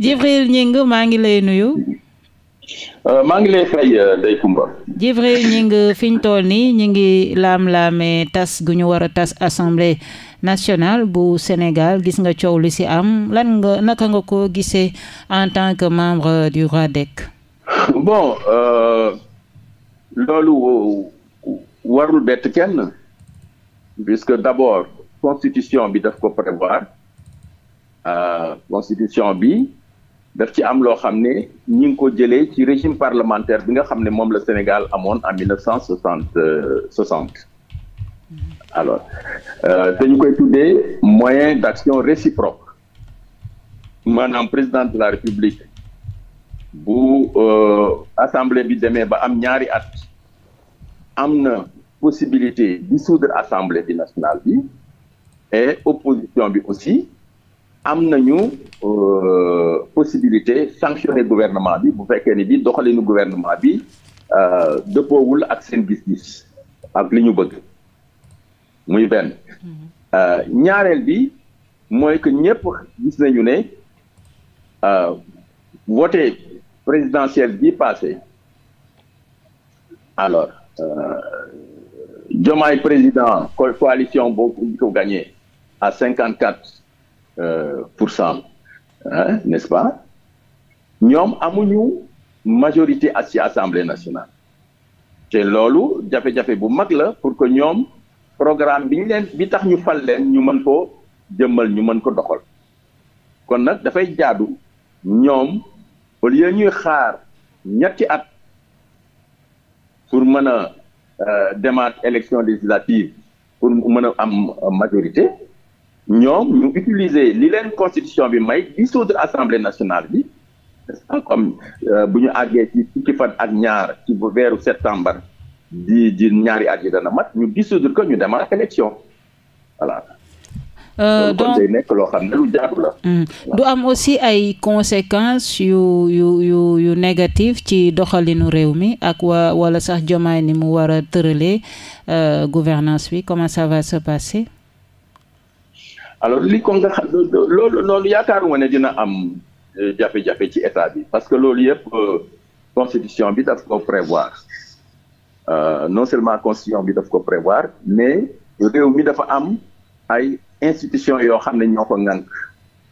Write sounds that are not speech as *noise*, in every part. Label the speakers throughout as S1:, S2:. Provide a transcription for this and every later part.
S1: Djibril Gningue maa ngi lay nuyu.
S2: Euh, maa ngi lay fay euh,
S1: Ndeye nii ñu ngi laam-laamee tas gu ñu war a tas assemblée nationale bu Sénégal gis nga coow li si am lan nga naka nga ko gisee en tant que membre du RADDEC.
S2: bon euh, loolu warul bett kenn puisque d'abord constitution bi daf ko prévoir constitution bi. daf ci am loo xam ne ñi ngi ko jëlee ci régime parlementaire bi nga xam ne moom la Sénégal amoon en mille neuf cent soixante euh, soixante alors te euh, ñu koy tuddee moyen d'action réciproque maanaam président de la république bu euh, assemblée bi demee ba am ñaari at am na possibilité dissoudre assemblée bi nationale bi et opposition bi aussi am na ñu possibilité sanctionner gouvernement bi bu fekkee ni bi doxalinu gouvernement bi euh, dëppoowul ak seen gis-gis ak li ñu bëgg muy benn mm-hmm. euh, ñaareel bi mooy que ñëpp gis nañu ne euh, vote présidentielle bi passé alors Diomaye président coalition boobu ko à cinquante quatre pour cent n'est-ce pas ñoom amuñu majorité ci assemblée nationale te loolu jafe-jafe bu mag la pour que ñoom programme bi ñu leen bi tax ñu fal leen ñu mën ko jëmmal ñu mën ko doxal kon nag dafay jaadu ñoom au lieu ñuy xaar ñetti at pour mën a euh, demaat élection législative pour mën a am majorité ñoom ñu utiliser li leen constitution bi may dissoudre assemblée nationale bi comme euh, bu ak ñaar ci ñaari at yi dana mat ñu dissoudre euh, hmm.
S1: du am aussi ay conséquence yu yu yu yu négatif ci doxalinu réew mi ak wa wala sax jomaay ni mu war a tëralee euh, gouvernance bi comment ça va se passer.
S2: li ko loolu loolu yaakaaruma ne dina am. jafe-jafe ci état bi parce que loolu yëpp euh, constitution bi daf ko prévoir euh, non seulement constitution bi daf ko prévoir mais réew mi dafa am ay institution yoo xam ne ñoo ko ŋànk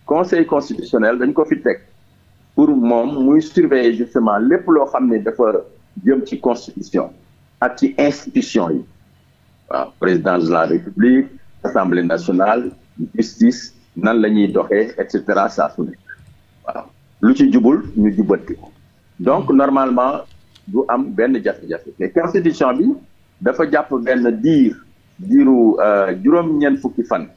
S2: conseil constitutionnel dañ ko fi teg pour moom muy surveiller justement lépp loo xam ne dafa jëm ci constitution ak ci institution yi waaw président de la république assemblée nationale justice nan la ñuy doxee et cetera saa su lu ci jubul ñu jubbanti ko donc hmm. normalement du am benn jafe-jafe mais constitution bi dafa jàpp benn diir diiru euh, juróom-ñeent fukki fan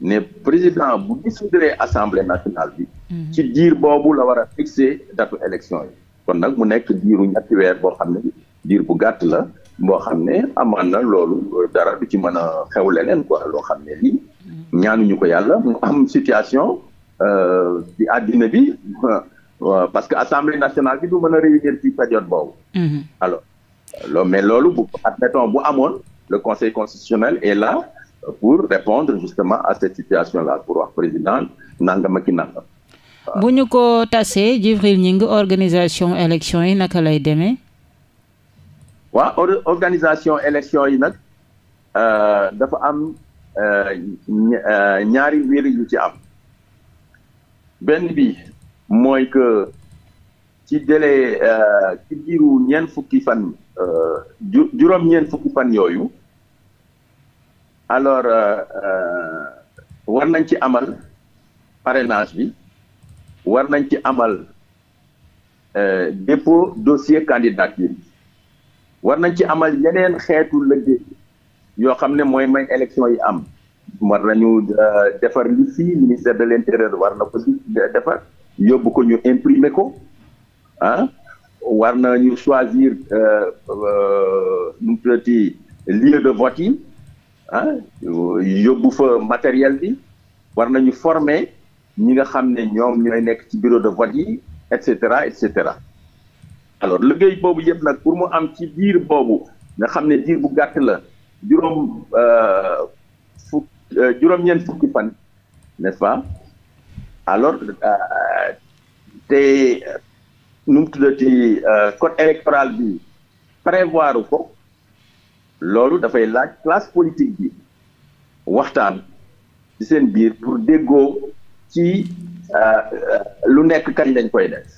S2: ne président bu dissoudre assemblée nationale bi hmm. ci diir boobu la war a fixé datu élection yi kon nag mu nekk diiru ñetti weer boo xam ne diir bu gàtt la boo xam ne amaan na loolu dara du ci mën a xew leneen quoi loo xam ne lii hmm. ñaanuñu ko yàlla mu am situation Euh, di àddina bi *laughs* parce que assemblée nationale bi du mën a réunir ci période boobu. Mhm. alors loolu mais loolu bu admettons bu amoon le conseil constitutionnel est la pour répondre justement à cette situation là pour wax président nangam ma i nangam.
S1: bu ñu ko tasee Djibril Gningue organisation élection yi naka lay demee.
S2: waaw ouais, organisation élection yi nag euh, dafa am euh, ñaari mbir yu ci am. benn bi mooy que ci délai euh, ci diiru ñeent fukki fan euh, juróom ñeent fukki fan yooyu alors euh, war nañ ci amal parenage bi war nañ ci amal dépôt dossier candidature bi war nañ ci amal yeneen xeetu liggéey yoo xam ne mooy may élection yi am war nañu euh, defar li fii ministère de l' intérieur war na ko defar yóbbu ko ñu imprimer ko ah war nañu choisir euh, euh, nu mu tuddati lieu de vote yi ah yóbbu fa matériel bi war nañu former ñi nga xam ne ñoom ñooy nekk ci bureau de vote yi et cetera et cetera alors liggéey boobu yëpp nag pour mu am ci diir boobu nga xam ne diir bu gàtt la juróom. Euh, juróom-ñeent fukki fan nest pas alors euh, te nu mu tuddati euh, code électoral bi prévoir ko loolu dafay laaj classe politique bi waxtaan ci seen biir pour déggoo ci lu nekk kañ lañ koy def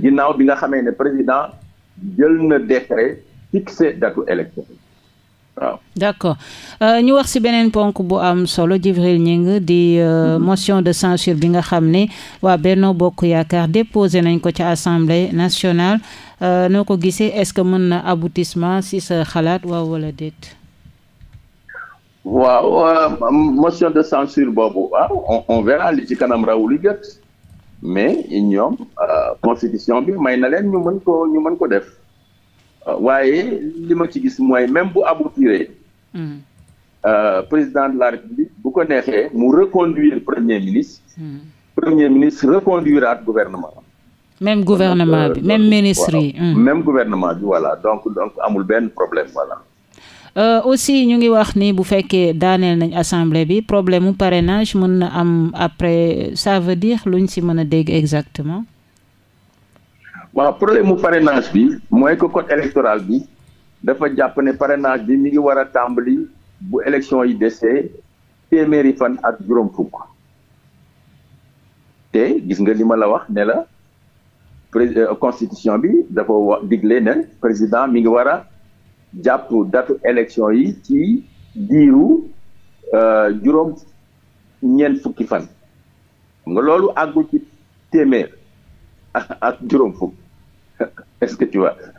S2: ginnaaw bi nga xamee ne président jël na décret fixé datu élection waaw
S1: d'accord euh, ñu wax ci beneen ponk bu am solo Djibril Gningue di euh, mm-hmm. motion de censure bi nga xam ne waa Benno Bokk Yaakaar déposé nañ ko ci assemblée nationale euh, noo ko gisee est-ce que mën na aboutissement ci sa xalaat waaw wala déet
S2: waaw motion de censure boobu waaw on verra li ci kanam rawu li gët mais ñoom constitution bi may na leen ñu mën ko ñu mën ko def Euh, waaye li ma ci gis mooy même bu aboutiré hmm. euh, président de la république bu ko neexee mu reconduire premier ministre hmm. premier ministre reconduiraat gouvernement
S1: même gouvernement bi euh, même ministre yi hmm.
S2: même gouvernement bi voilà donc donc amul benn problème voilà
S1: aussi ñu ngi wax ni bu fekkee daaneel nañ assemblée bi problème mu parrainage mën na am après ça veut dire ñu ci mën a dégg exactement
S2: waaw problème mu parrainage bi mooy que code électoral bi dafa jàpp ne parrainage bi mi ngi war a tàmbali bu élection yi desee téeméeri fan ak juróom fukk te gis nga li ma la wax ne la euh, constitution bi dafa wax digle ne président mi ngi war a jàpp datu élection yi ci diiru euh, juróom ñeent fukki fan nga loolu àggu ci téeméer ak juróom fukk *laughs* est-ce que tu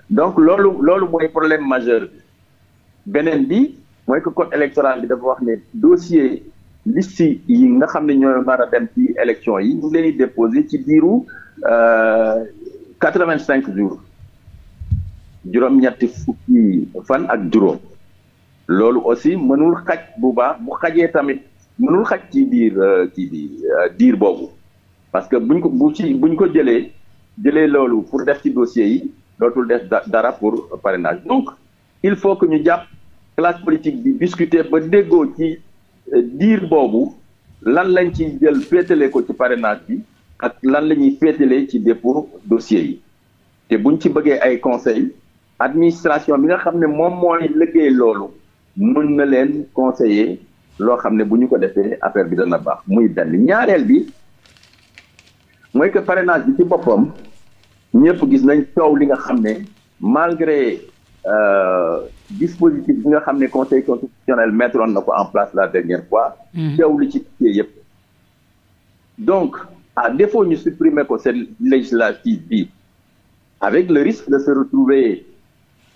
S2: donc loolu loolu mooy problème majeur bi beneen bi mooy que code électoral bi dafa wax ne dossier liste yi nga xam ne ñoo nar a dem ci élection yi ñu ngi leen di déposé ci diiru euh, quatre-vingt-cinq jours juróom-ñetti fukki fan ak juróom loolu aussi mënul xaj bu baax bu xajee tamit mënul xaj ci biir euh, ci biir euh, diir boobu parce que buñ ko bu ci buñ ko jëlee jëlee loolu pour def ci dossier yi dootul def dara pour parrainage donc il faut que ñu jàpp classe politique bi discuter ba déggoo ci euh, diir boobu lan lañ ci jël féetale ko ci parrainage bi ak lan la ñuy féetale ci dépôt dossier yi te buñ ci bëggee ay conseil administration bi nga xam ne moom mooy liggéey loolu mën na leen conseiller loo xam ne bu ñu ko defee affaire bi dana baax muy benn ñaareel bi mooy que parrainage bi ci boppam ñëpp gis nañ coow li nga xam ne malgré euh, dispositif bi nga xam ne conseil constitutionnel mettroon na ko en place la dernière fois. Mm-hmm. coow li ci kii yëpp. donc à défaut ñu supprimer ko cette législative bi avec le risque de se retrouver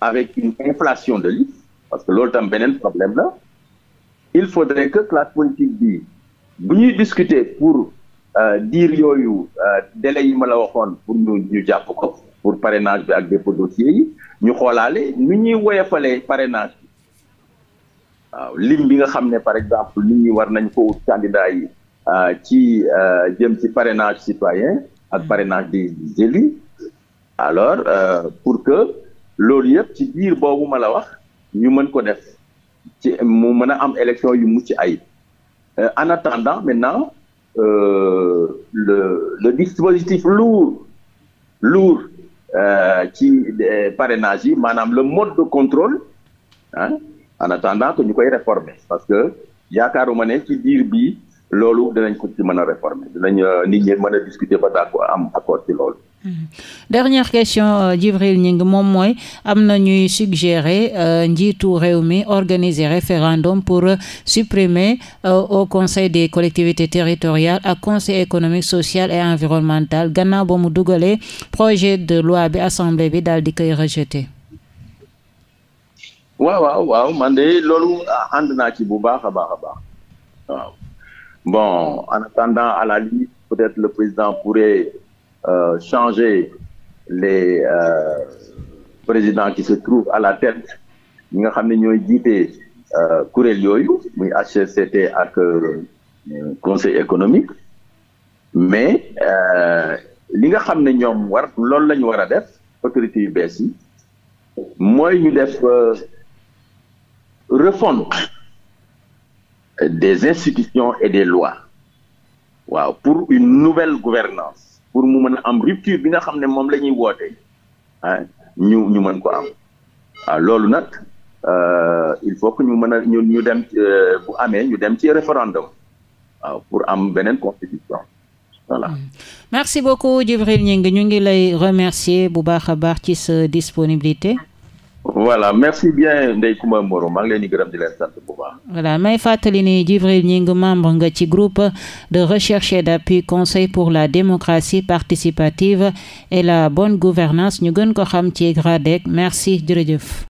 S2: avec une inflation de liste parce que loolu tam beneen problème la il faudrait que classe politique bi bu ñuy discuter pour. Euh, diir yooyu euh, délai yi ma la waxoon pour ñu jàpp ko pour parrainage bi ak dépôt dossier yi ñu xoolaale nu ñuy woyofalee parrainage bi waaw lim bi nga xam ne par exemple nit ñi war nañ ko ut candidat yi euh, ci jëm ci parrainage citoyen ak parrainage des élus alors pour que loolu yëpp ci biir boobu ma la wax ñu mën ko def ci mu mën a am élection yu mucc ayib en attendant maintenant Euh, le, le dispositif lourd lourd euh, ci euh, parrainage yi maanaam le mode de contrôle ah en attendant que ñu koy réformer parce que yaakaaruma ne ci diir bi loolu dinañ ko ci mën a réformer dinañ nit ñi mën a discuter ba d'accord am accord ci loolu Mhm.
S1: dernière question euh, Djibril Gningue moom mooy am na ñuy suggérer euh, njiitu réew mi organiser référendum pour euh, supprimer au conseil des collectivités territoriales ak conseil économique sociale et environnemental gannaaw ba mu dugalee projet de loi bi assemblée bi daal di koy rejeter.
S2: waaw waaw waaw man loolu ànd naa ci bu baax a waaw bon en attendant à la limite peut-être le président pourrait euh, changer les euh, présidents qui se trouvent à la tête ñi nga xam ne ñooy jiite euh, kuréel yooyu muy HCCT ak euh, conseil économique mais li nga xam ne ñoom war loolu la ñu war a def autorités yu bees yi mooy ñu def refonte des institutions et des lois waaw pour une nouvelle gouvernance pour mu mën a am rupture bi nga xam ne moom la ñuy woote ah, ñu ñu mën ko am waaw ah, loolu nag euh, il faut que ñu mën a ñu ñu dem euh, bu amee ñu dem ci référendum waaw pour am beneen constitution
S1: voilà. Mm. merci beaucoup Djibril Gningue ñu ngi lay remercier bu baax a baax ci sa disponibilité.
S2: voilà merci bien Ndeye Comba Moreau
S1: may fàttali ni Djibril Gningue membre nga ci groupe de recherche et d'appui conseil pour la démocratie participative et la bonne gouvernance ñu gën ko xam ci GRADEC merci jërëjëf.